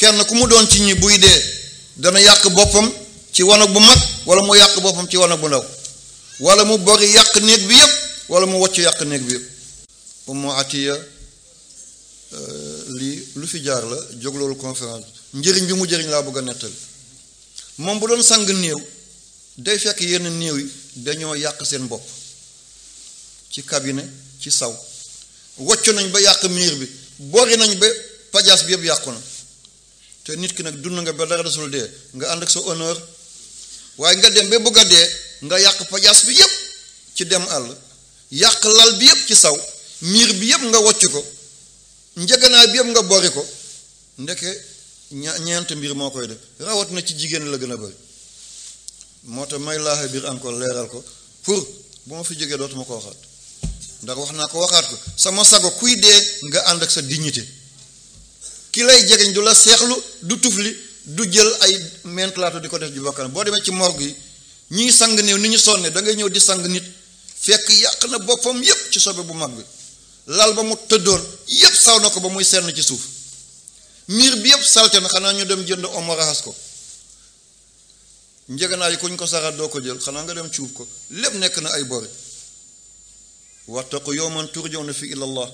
kenn ku mu doon ci ñi buy dee dana yàq boppam ci wanag bu mag wala mu yàq boppam ci wanag bu ndaw wala mu bori yàq néeg bi yëpp wala mu wocc yàq néeg bi yëpp Oumou Atiya euh, lii lu fi jaar la jóg loolu njëriñ bi mu jëriñ laa bëgg a nettali moom bu doon sang néew day fekk yenn néew yi dañoo yàq seen bopp ci cabinet ci saw wacc nañ ba yàq miir bi bori nañ ba pajaas bi yëpp yàqu na te nit ki nag dund nga ba dara desul dee nga ànd ak sa honneur waaye nga dem ba bëgg a dee nga yàq pajaas bi yëpp ci dem àll yàq lal bi yëpp ci saw miir bi yëpp nga wocc ko njëganaay bi yëpp nga bori ko ndeke ña ñeent mbir moo koy def rawat na ci jigéen la gën a bëri moo tax may laaxe biir encore leeral ko pour bu ma fi jógee dootuma ko waxaat ndax wax naa ko waxaat ko sama sago kuy dee nga ànd ak sa dignité ki lay jegeñ du la seexlu du tufli du jël ay mentalaatu di ko def ji bakkan boo demee ci morgue yi ñiy sang néew ni ñu sonne da ngay ñëw di sang nit fekk yàq na boppam yépp ci sobe bu mag bi lal ba mu tëddoon yépp saw na ko ba muy senn ci suuf miir bi yépp salte na xanaa ñu dem jënd omo raxas ko njëganaay yi ku ko saraat doo ko jël xanaa nga dem cuub ko lépp nekk na ay bori wattaqu jow turjawna fi ilallah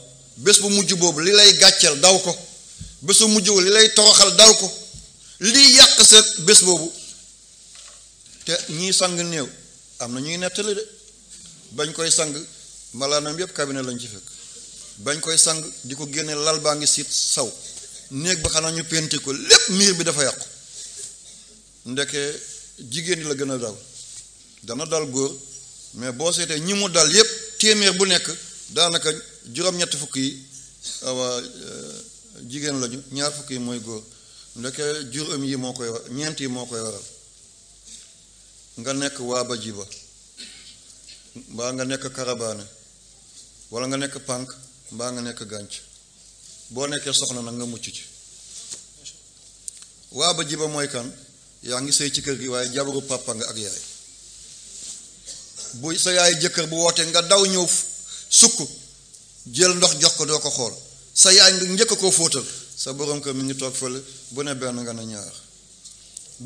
bés bu mujj boobu li lay gàcceel daw ko bésu mujj li lay toroxal dal ko lii yàq sa bés boobu te ñii sang néew am na ñuy nettali de bañ koy sang malaanam yépp cabinet lañ ci fekk bañ koy sang di ko génne lal baa ngi siit saw néeg bi xanaa ñu penti ko lépp miir bi dafa yàqu ndeke jigéen ñi la gën a daw dana dal góor mais boo seetee ñi mu dal yëpp téeméer bu nekk daanaka juróom-ñetti fukk yi awa ah euh, jigéen lañu ñaar fukk yi mooy góor ndeke juróom yi moo koy ñeent yi moo koy waral nga nekk waaba jiba mbaa nga nekk karabaane wala nga nekk pànk mbaa nga nekk gànc boo nekkee soxna nag nga mucc ci waaba jiba mooy kan yaa ngi sëy ci kër gi waaye jabaru papa ak yaay bu sa yaay jëkkër bu wootee nga daw ñëw sukk jël ndox jox ko doo ko xool sa yaay nga njëkk koo fóotal sa borom kër mi ngi toog fële bu ne benn nga ne ñaar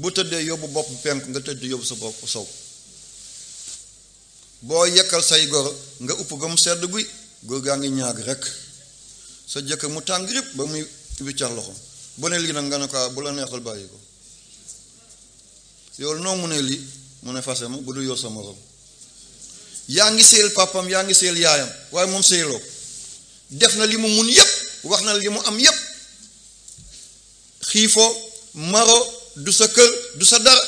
bu tëddee yóbbu bopp penk nga tëdd yóbbu sa bopp sow boo yëkkal say goro nga upp ba mu sedd guy góor gaa ngi ñaag rek sa jëkk mu tàng rib ba muy ubbi cax loxom bu ne lii nag nga ne ko ah, bu la neexal bàyyi ko yow noo mu ne lii mu ne fase ma bu du yow sa morom yaa ngi seel papam yaa ngi seel yaayam waaye moom seeloo def na li mu mun yépp wax na li mu am yépp xiifoo maro du sa kër du sa dara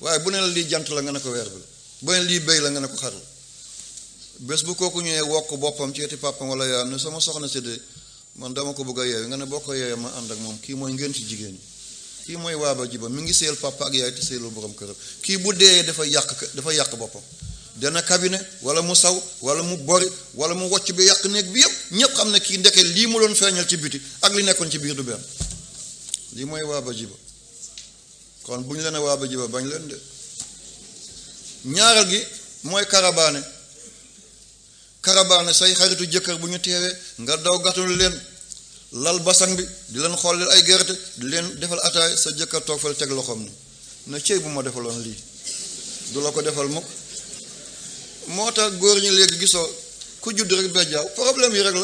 waaye bu ne lii jant la nga ne ko weer bi bu ne lii béy la nga ne ko xar la bés bu kooku ñëwee wokk boppam ci eti pàppam wala yaayam ne sama soxna si de man dama ko bëgg a yeewi nga ne boo ko ma ànd ak moom kii mooy ngeen ci jigéen ñi kii mooy waaba jiba mi ngi seel papa ak yaay te seeloo borom këram kii bu dee dafa yàq dafa yàq boppam dana kabine wala mu saw wala mu bori wala mu wocc bi yàq néeg bi yëpp ñëpp xam ne kii ndeke lii mu loon feeñal ci biti ak li nekkoon ci biir du benn lii mooy waaba jiba kon bu ñu leen waaba jiba bañ leen de ñaareel gi mooy karabaane karabaane say xaritu jëkkër bu ñu teewee nga daw gàttul leen lal basang bi di leen xolleel ay gerte di leen defal ataay sa jëkkër toog fal teg loxoom ni na cëy bu ma defaloon lii du la ko defal mukk moo tax góor ñi léegi gisoo ku judd rek bejjaaw problème yi rek la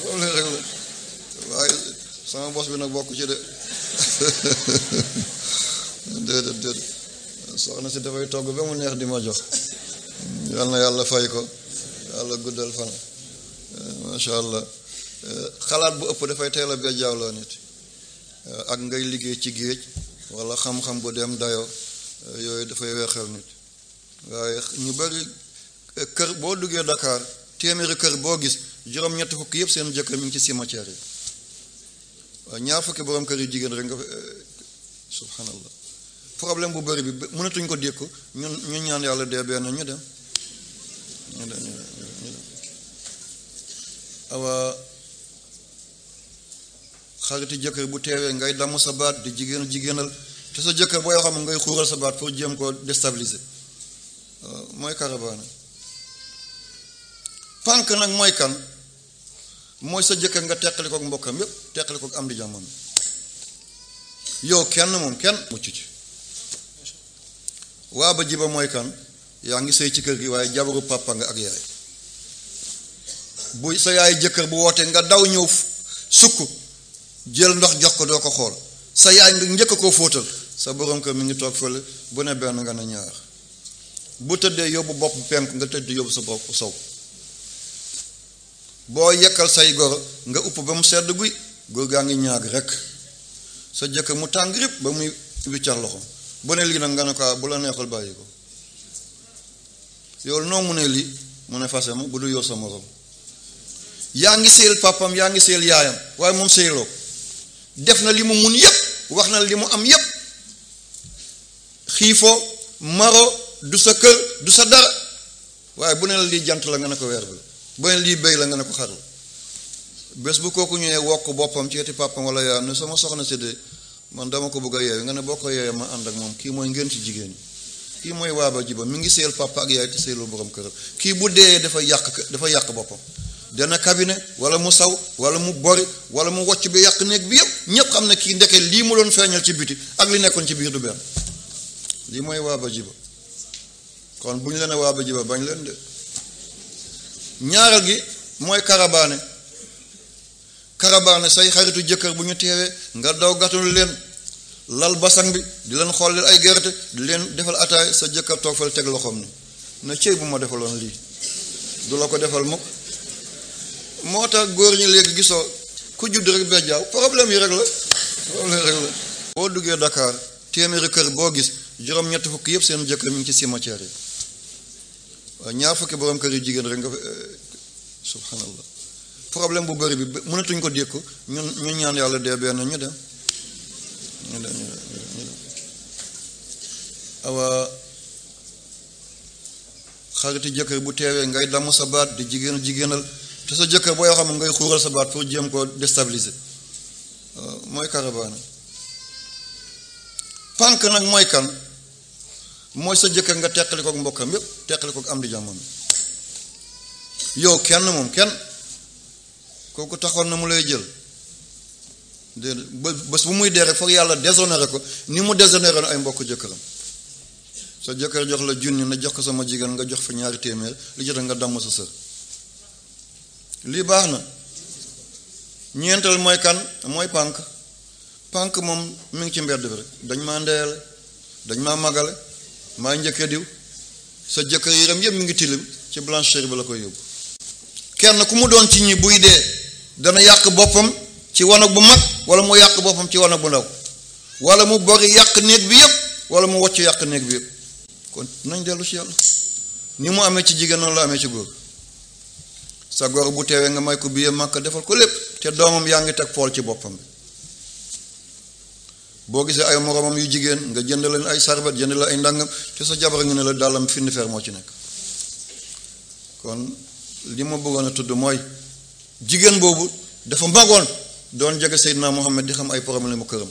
problème yi rek la waaye sama bos bi nag bokk ci de déedéet déedéet soxna si dafay togg ba mu neex di ma jox yal na yàlla fay ko yàlla guddal fan macha allah xalaat bu ëpp dafay teela a bejjaaw nit ak ngay liggéey ci géej walla xam-xam bu dem dayoo yooyu dafay weexal nit waaye ñu bari kër boo duggee dakaar téeméeri kër boo gis juróom-ñetti fukk yëpp seen jëkkër mi ngi ci cimetière yi waaw ñaar fukki borom kër yu jigéen rek nga eh, subhanallah problème bu bari bi mënatuñ ko dékku ñu ñaan yàlla dee benn ñu dem ñu dem ñu dem jëkkër bu teewee ngay damm sa baat di jigéen jigéenal te sa jëkkër booy xam ngay xuural sa baat pour jéem koo déstabiliser mooy karabaana pànk nag mooy kan mooy sa jëkkër nga teqali kook mbokkam yépp teqali kook am di jàmmam yow kenn moom kenn mucc ci waa ba jiba mooy kan yaa ngi sëy ci kër gi waaye jabaru pàppang ak yaay bu sa yaay jëkkër bu wootee nga daw ñëw sukk jël ndox jox ko doo ko xool sa yaay nga njëkk koo fóotal sa borom kër mi ngi toog fële bu ne benn nga ne ñaar bu tëddee yóbbu bopp penk nga tëdd yóbbu sa bopp sow boo yekkal say goro nga upp ba mu sedd guy góor gaa ngi ñaag rek sa jëkk mu tàng rib ba muy wiccax loxo bu ne lii nag nga ne ko ah, bu la neexul bàyyi ko yow noo mu ne lii mu ne fase ma bu du yow sa morom yaa ngi seel papam yaa ngi seel yaayam waaye moom seeloo def na li mu mun yépp wax na li mu am yépp xiifoo maro du sa kër du sa dara waaye bu ne la lii jant la nga ne ko weer bi ba lii béy la nga ne ko xarul bés bu kooku ñëwee wokk boppam ceeti eti pàppam wala yaa ne sama soxna séddee man dama ko bëgg a yeewe nga ne boo ko yeewee ma ànd ak moom kii mooy ngeen ci jigéen ñi kii mooy waaba jiba mi ngi seel papa ak yaay te seeloo borom këram kii bu dee dafa yàq dafa yàq boppam dana cabinet wala mu saw wala mu bori wala mu wocc bi yàq néeg bi yëpp ñëpp xam ne kii ndeke lii mu doon feeñal ci biti ak li nekkoon ci biir du benn mooy waaba jiba kon bu ñu leen a bañ leen ñaaral gi mooy karabaane karabaane say xaritu jëkkër bu ñu teewee nga daw gàttandu leen lal basang bi di leen xollil ay gerte di leen defal ataay sa jëkkër toog fal teg loxoom ni na cëy bu ma defaloon lii du la ko defal mukk moo tax góor ñi léegi gisoo ku judd rek bejjaaw problème yi rek la problème yi rek la boo duggee Dakar téeméeri kër boo gis juróom-ñett fukk yëpp seen jëkkër ñu ngi ci cimetière yi waaw ñaar fukki borom kër yu jigéen rek nga eh, subhanallah problème bu bëri bi mënatuñ ko dékku ñu ñun ñaan yàlla dee benn ñu dem ñu dem ñu dem awa xariti jëkkër bu teewee ngay damm sa baat di jigéen jigéenal te sa jëkkër boo yoo xam ngay xuural sa baat pour jéem koo déstabiliser mooy karabaana pànk nag mooy kan mooy sa jëkkër nga teqali kook mbokkam yépp teqali kook am di jàmmam yow kenn moom kenn kooku taxoon na mu lay jël dé bés bu muy deree foog yàlla déshonoré ko ni mu déshonoré ay mbokk jëkkëram sa jëkkër jox la junni na jox ko sama jigéen nga jox fa ñaari téeméer li jot nga damm sa sër lii baax na ñeental mooy kan mooy pànk pànk moom mu ngi ci mbedd bi rek dañ maa ndeele dañ maa magale maa njëkk diw sa jëkkër yaram yëpp mu ngi tilim ci blancheur bi la koy yóbbu kenn ku mu doon ci ñi buy dee dana yàq boppam ci wanag bu mag wala mu yàq boppam ci wanag bu ndaw wala mu bori yàq néeg bi yëpp wala mu wocc yàq néeg bi yëpp kon nañ dellu si yàlla ni mu amee ci jigéen noonu la amee ci góor sa góor bu teewee nga may ko biyee màkk defal ko lépp te doomam yaa ngi teg pool ci boppam bi boo gisee ay moromam yu jigéen nga jënd leen ay sarbat jënd leen ay ndàngam te sa jabar nga ne la dàllam findi fer moo ci nekk kon li ma bëggoon a tudd mooy jigéen boobu dafa magoon doon jege Seydina Mohamed di xam ay problème mu këram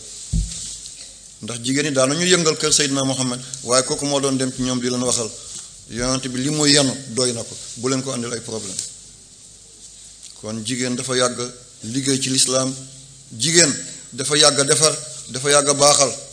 ndax jigéen ñi daanañu yëngal kër Seydina Mohamed waaye kooku moo doon dem ci ñoom di leen waxal yonent bi li mu yenu doy na ko bu leen ko àndil ay problème kon jigéen dafa yàgg liggéey ci lislaam jigéen dafa yàgg defar dafa yàgg a baaxal